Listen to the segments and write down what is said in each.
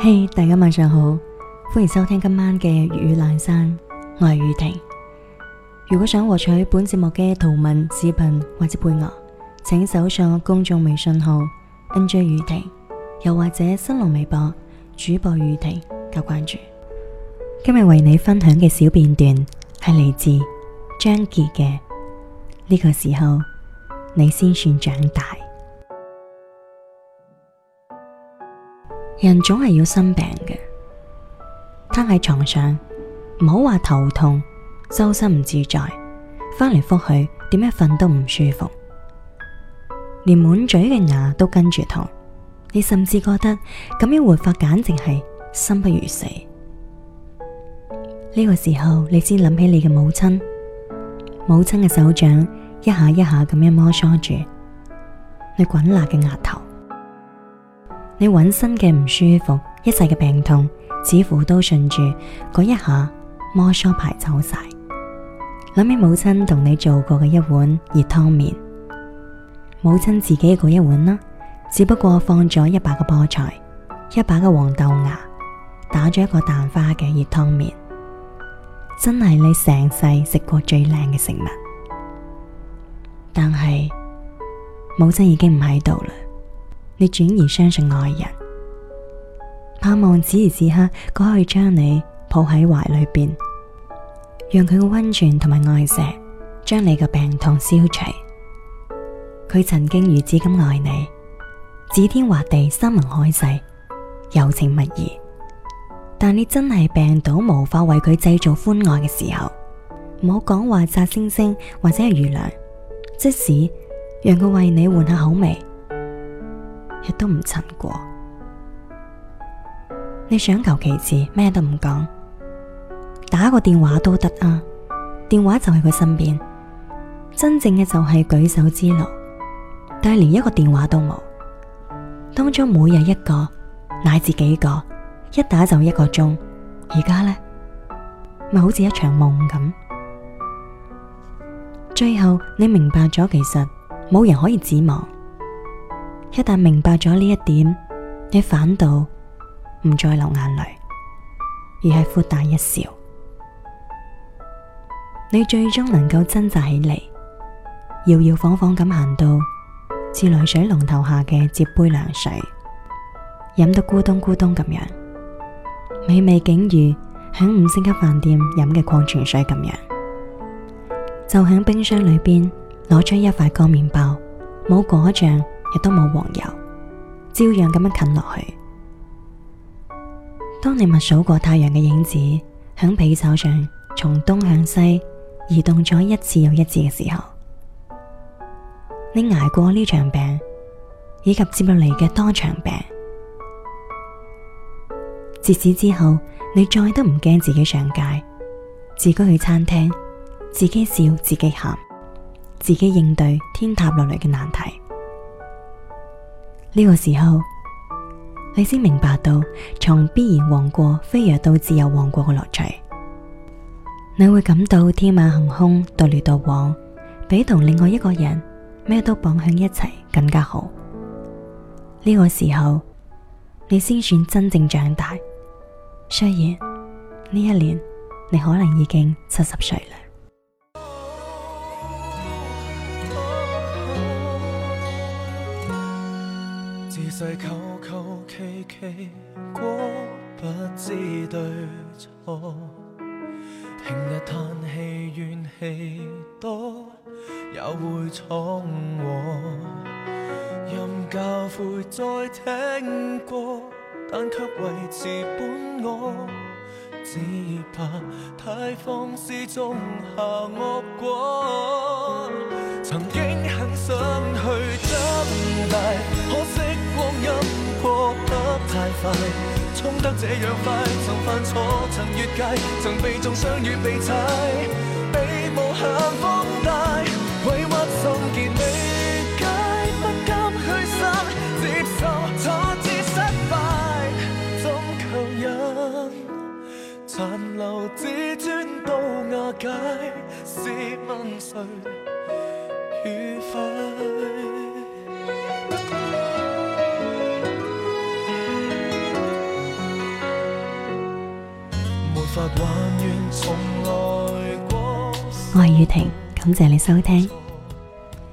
嘿，hey，大家晚上好，歡迎收聽今晚嘅粵語闌珊，我係雨婷。如果想獲取本節目嘅圖文視頻或者配樂，請搜索公眾微信號 nj 雨婷，又或者新浪微博主播雨婷加關注。今日為你分享嘅小片段係嚟自張潔嘅呢、這個時候，你先算長大。人總係要生病嘅，躺喺床上，唔好話頭痛，周身唔自在，翻嚟覆去，點樣瞓都唔舒服，連滿嘴嘅牙都跟住痛。你甚至覺得咁樣活法簡直係生不如死。呢、這個時候，你先諗起你嘅母親，母親嘅手掌一下一下咁樣摩挲住你滾辣嘅額頭。你渾身嘅唔舒服，一切嘅病痛似乎都順住嗰一下摩挲排走晒。諗起母親同你做過嘅一碗熱湯麵，母親自己嗰一碗啦，只不過放咗一把嘅菠菜，一把嘅黃豆芽，打咗一個蛋花嘅熱湯麵，真係你成世食過最靚嘅食物。但係母親已經唔喺度。你轉而相信愛人，盼望此時此刻佢可以將你抱喺懷裏邊，讓佢嘅溫存同埋愛錫將你嘅病痛消除。佢曾經如此咁愛你，指天畫地、山盟海誓、柔情蜜意。但你真係病倒，無法為佢製造歡愛嘅時候，唔好講話摘星星或者係月亮，即使讓佢為你換下口味，亦都唔曾過，你想求其次咩都唔講，打個電話都得啊！電話就喺佢身邊，真正嘅就係舉手之勞，但係連一個電話都冇。當初每日一個，乃至幾個，一打就一個鐘，而家呢咪好似一場夢咁。最後你明白咗，其實冇人可以指望。一旦明白咗呢一點，你反倒唔再流眼淚，而係豁達一笑。你最終能夠掙扎起嚟，搖搖晃晃咁行到自來水龍頭下嘅接杯涼水，飲到咕咚咕咚咁樣，美味竟如響五星級飯店飲嘅礦泉水咁樣，就響冰箱裏面攞出一塊乾麵包，冇果醬。亦都冇黃油，照樣咁樣近落去。當你默數過太陽嘅影子響被罩上，從東向西移動咗一次又一次嘅時候，你挨過呢場病，以及接落嚟嘅多場病。自此之後，你再都唔驚自己上街，自己去餐廳，自己笑，自己喊，自己應對天塌落嚟嘅難題。呢個時候，你先明白到從必然王國飛躍到自由王國嘅樂趣，你會感到天馬行空，獨來獨往，比同另外一個人咩都綁喺一齊更加好。呢、這個時候，你先算真正長大。雖然呢一年，你可能已經七十歲啦。在求求其其過不知對錯，平日嘆氣怨氣多，也會闖禍。任教誨再聽過，但卻維持本我，只怕太放肆種下惡果。曾經很想去長大。衝得這樣快，曾犯錯，曾越界，曾被中傷與被踩，被無限放大。委屈、心結未解，不甘屈心接受，挫折失敗，怎求忍？殘留自尊都瓦解，試問誰？我係雨婷，感謝你收聽。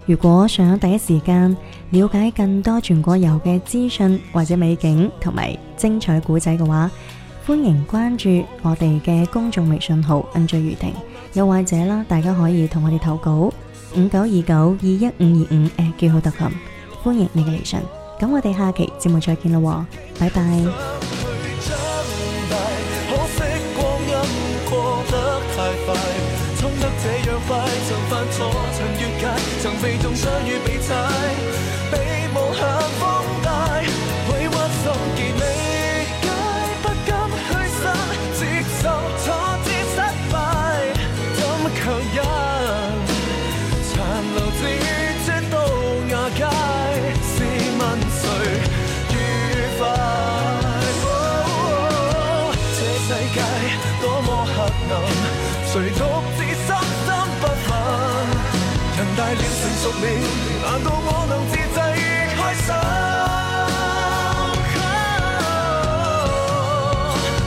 如果想第一時間了解更多全國遊嘅資訊或者美景同埋精彩古仔嘅話，歡迎關注我哋嘅公眾微信號 N J 雨婷，又或者啦，大家可以同我哋投稿五九二九二一五二五叫好特琴，歡迎你嘅嚟信。咁我哋下期節目再見咯，拜拜。相遇被踩，被妄想放大，委屈心結未解，不甘屈身，接受挫折失敗，怎強忍？殘留自尊都瓦解試問誰愉快？這世界多麼黑暗，誰獨自深深不幸人大了。熟秒，難道我能自製開心？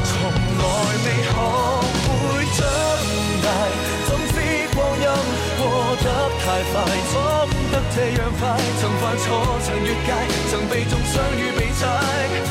從來未學會長大，怎知光陰過得太快，長得這樣快。曾犯錯，曾越界，曾被中傷與被踩。